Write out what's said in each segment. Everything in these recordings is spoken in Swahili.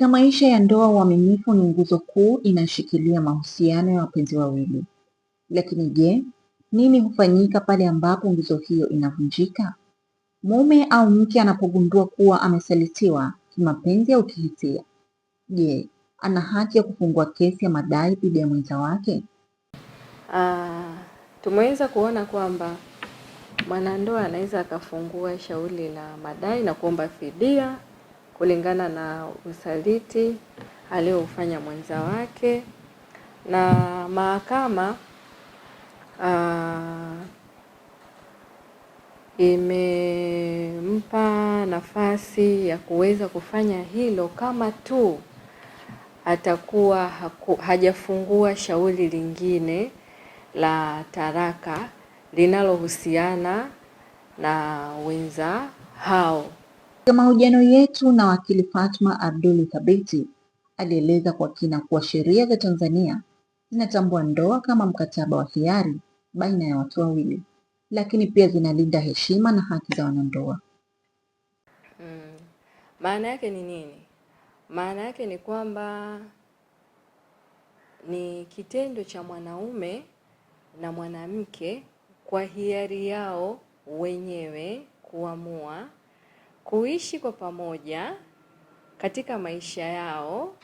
Katika maisha ya ndoa, uaminifu ni nguzo kuu inashikilia mahusiano ya wapenzi wawili. Lakini je, nini hufanyika pale ambapo nguzo hiyo inavunjika? Mume au mke anapogundua kuwa amesalitiwa kimapenzi au kihisia, je, ana haki ya kufungua kesi ya madai dhidi ya mwenza wake? Uh, tumeweza kuona kwamba mwanandoa anaweza akafungua shauli la madai na kuomba fidia kulingana na usaliti aliyoufanya mwenza wake, na mahakama uh, imempa nafasi ya kuweza kufanya hilo kama tu atakuwa haku, hajafungua shauri lingine la taraka linalohusiana na wenza hao. Katika mahojiano yetu na wakili Fatma Abduli Thabiti alieleza kwa kina kuwa sheria za Tanzania zinatambua ndoa kama mkataba wa hiari baina ya watu wawili, lakini pia zinalinda heshima na haki za wanandoa. Mm, maana yake ni nini? Maana yake ni kwamba ni kitendo cha mwanaume na mwanamke kwa hiari yao wenyewe kuamua kuishi kwa pamoja katika maisha yao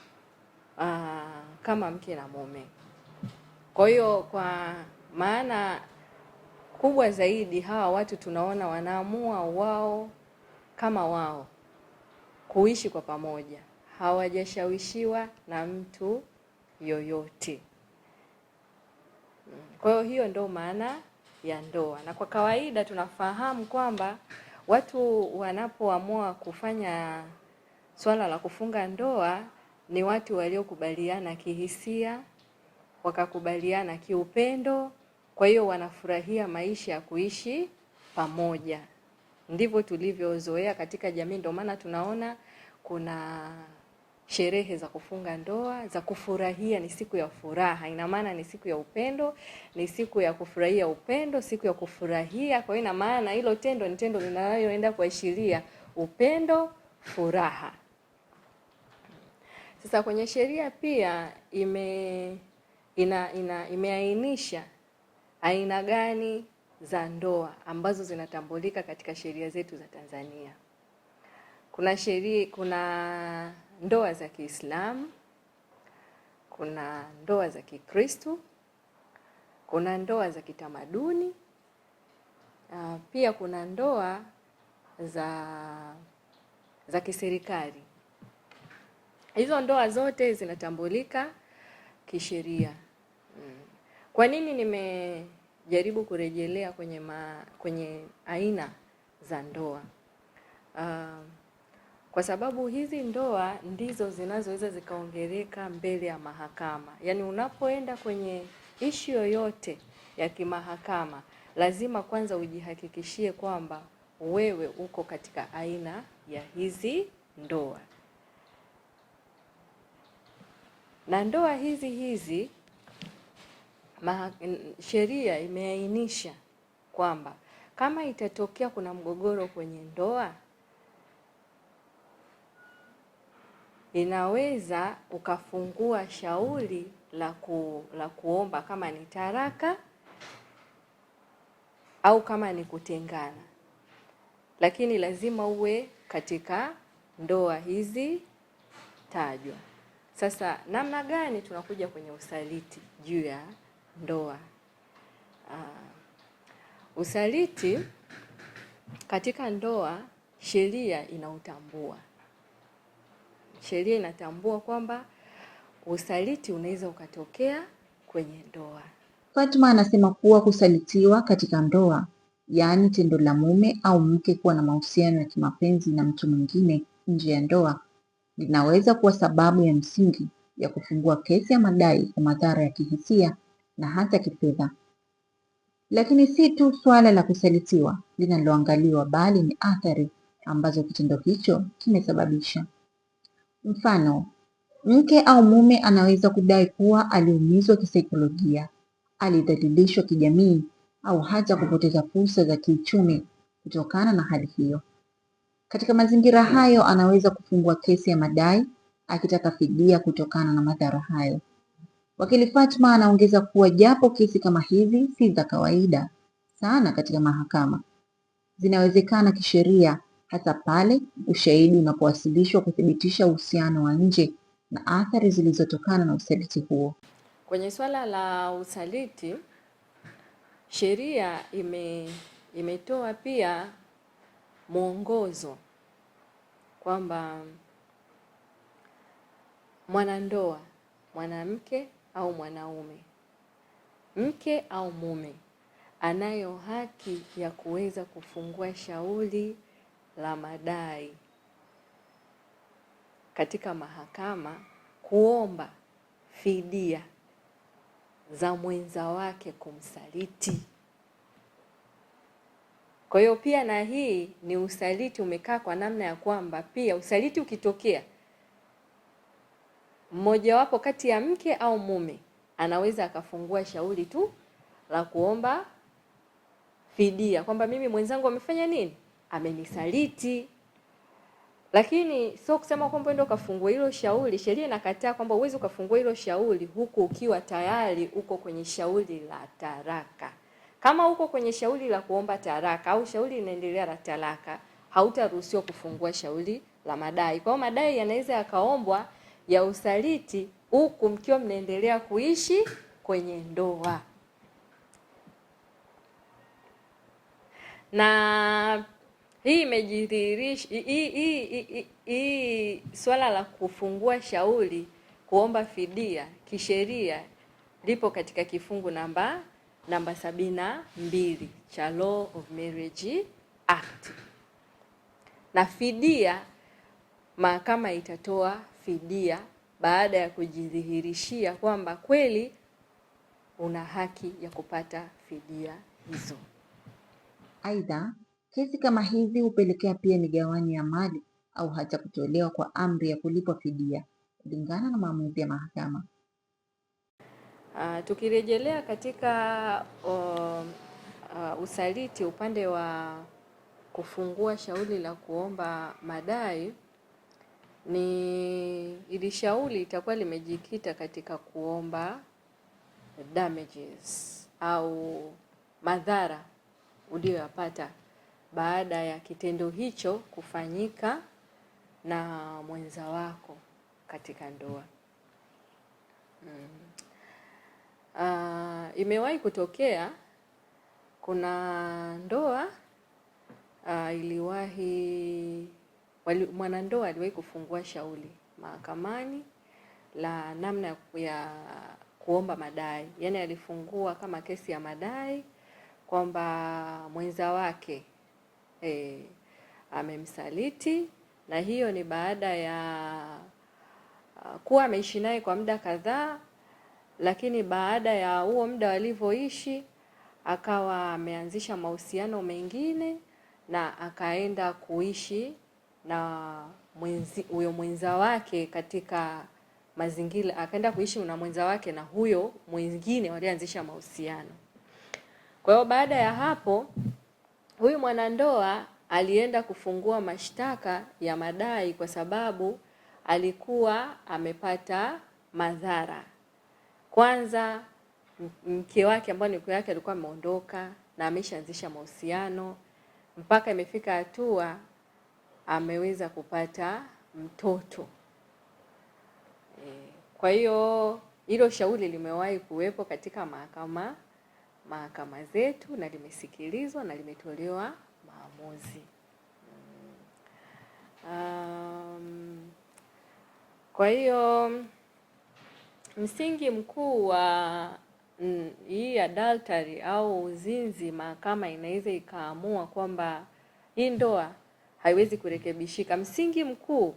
aa, ah, kama mke na mume. Kwa hiyo kwa maana kubwa zaidi hawa watu tunaona wanaamua wao kama wao kuishi kwa pamoja, hawajashawishiwa na mtu yoyote. Kwa hiyo hiyo ndo maana ya ndoa, na kwa kawaida tunafahamu kwamba watu wanapoamua kufanya swala la kufunga ndoa ni watu waliokubaliana kihisia, wakakubaliana kiupendo, kwa hiyo wanafurahia maisha ya kuishi pamoja. Ndivyo tulivyozoea katika jamii, ndio maana tunaona kuna sherehe za kufunga ndoa za kufurahia. Ni siku ya furaha, ina maana ni siku ya upendo, ni siku ya kufurahia upendo, siku ya kufurahia. Kwa hiyo ina maana hilo tendo ni tendo linaloenda kuashiria upendo, furaha. Sasa kwenye sheria pia ime ina, ina imeainisha aina gani za ndoa ambazo zinatambulika katika sheria zetu za Tanzania. Kuna sheria kuna ndoa za Kiislamu, kuna ndoa za Kikristo, kuna ndoa za kitamaduni, pia kuna ndoa za za kiserikali. Hizo ndoa zote zinatambulika kisheria. Mm. Kwa nini nimejaribu kurejelea kwenye ma, kwenye aina za ndoa? Uh, kwa sababu hizi ndoa ndizo zinazoweza zikaongereka mbele ya mahakama. Yaani unapoenda kwenye ishi yoyote ya kimahakama, lazima kwanza ujihakikishie kwamba wewe uko katika aina ya hizi ndoa, na ndoa hizi hizi sheria imeainisha kwamba kama itatokea kuna mgogoro kwenye ndoa inaweza ukafungua shauri la, ku, la kuomba kama ni taraka au kama ni kutengana, lakini lazima uwe katika ndoa hizi tajwa. Sasa namna gani tunakuja kwenye usaliti juu ya ndoa? Uh, usaliti katika ndoa sheria inautambua sheria inatambua kwamba usaliti unaweza ukatokea kwenye ndoa. Fatma anasema kuwa kusalitiwa katika ndoa, yaani tendo la mume au mke kuwa na mahusiano ya kimapenzi na mtu mwingine nje ya ndoa, linaweza kuwa sababu ya msingi ya kufungua kesi ya madai kwa madhara ya kihisia na hata kifedha. Lakini si tu suala la kusalitiwa linaloangaliwa, bali ni athari ambazo kitendo hicho kimesababisha. Mfano, mke au mume anaweza kudai kuwa aliumizwa kisaikolojia, alidhalilishwa kijamii au hata kupoteza fursa za kiuchumi kutokana na hali hiyo. Katika mazingira hayo, anaweza kufungua kesi ya madai akitaka fidia kutokana na madhara hayo. Wakili Fatma anaongeza kuwa japo kesi kama hizi si za kawaida sana katika mahakama, zinawezekana kisheria hata pale ushahidi unapowasilishwa kuthibitisha uhusiano wa nje na athari zilizotokana na usaliti huo. Kwenye swala la usaliti, sheria ime imetoa pia mwongozo kwamba mwanandoa mwanamke au mwanaume, mke au mume, anayo haki ya kuweza kufungua shauri la madai katika mahakama kuomba fidia za mwenza wake kumsaliti. Kwa hiyo pia na hii ni usaliti umekaa kwa namna ya kwamba pia usaliti ukitokea mmojawapo kati ya mke au mume anaweza akafungua shauri tu la kuomba fidia kwamba mimi mwenzangu amefanya nini? amenisaliti. Lakini sio kusema kwamba ndio kafungua hilo shauri. Sheria inakataa kwamba uwezi ukafungua hilo shauri huku ukiwa tayari uko kwenye shauri la taraka. Kama uko kwenye shauri la kuomba taraka au shauri linaendelea la taraka, hautaruhusiwa kufungua shauri la madai. Kwa hiyo madai yanaweza yakaombwa ya usaliti huku mkiwa mnaendelea kuishi kwenye ndoa na hii imejidhihirisha hii, hii, hii, hii swala la kufungua shauri kuomba fidia kisheria lipo katika kifungu namba namba sabini na mbili cha Law of Marriage Act, na fidia, mahakama itatoa fidia baada ya kujidhihirishia kwamba kweli una haki ya kupata fidia hizo. Aidha Kesi kama hizi hupelekea pia migawanyo ya mali au hata kutolewa kwa amri ya kulipwa fidia kulingana na maamuzi ya mahakama. Uh, tukirejelea katika uh, uh, usaliti upande wa kufungua shauri la kuomba madai ni ili shauri itakuwa limejikita katika kuomba damages au madhara uliyoyapata baada ya kitendo hicho kufanyika na mwenza wako katika ndoa. Mm. Uh, imewahi kutokea kuna ndoa uh, iliwahi wali, mwanandoa aliwahi kufungua shauri mahakamani la namna ya kuomba madai, yaani alifungua kama kesi ya madai kwamba mwenza wake e, amemsaliti na hiyo ni baada ya kuwa ameishi naye kwa muda kadhaa, lakini baada ya huo muda walivyoishi akawa ameanzisha mahusiano mengine na akaenda kuishi na huyo mwenza wake katika mazingira, akaenda kuishi na mwenza wake na huyo mwingine walioanzisha mahusiano. Kwa hiyo baada ya hapo Huyu mwanandoa alienda kufungua mashtaka ya madai kwa sababu alikuwa amepata madhara. Kwanza mke wake ambaye ni mke wake alikuwa ameondoka na ameshaanzisha mahusiano, mpaka imefika hatua ameweza kupata mtoto eh, Kwa hiyo hilo shauri limewahi kuwepo katika mahakama mahakama zetu na limesikilizwa na limetolewa maamuzi. Mm. Um, kwa hiyo msingi mkuu wa mm, hii adultery au uzinzi, mahakama inaweza ikaamua kwamba hii ndoa haiwezi kurekebishika. Msingi mkuu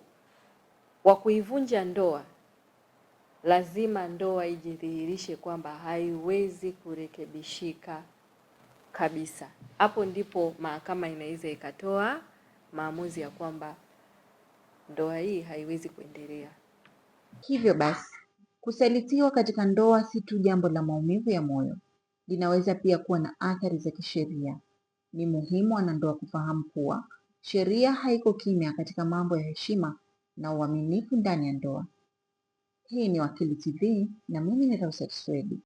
wa kuivunja ndoa lazima ndoa ijidhihirishe kwamba haiwezi kurekebishika kabisa. Hapo ndipo mahakama inaweza ikatoa maamuzi ya kwamba ndoa hii haiwezi kuendelea. Hivyo basi, kusalitiwa katika ndoa si tu jambo la maumivu ya moyo, linaweza pia kuwa na athari za kisheria. Ni muhimu wanandoa kufahamu kuwa sheria haiko kimya katika mambo ya heshima na uaminifu ndani ya ndoa. Hii ni Wakili TV na mimi ni Roset Swedi.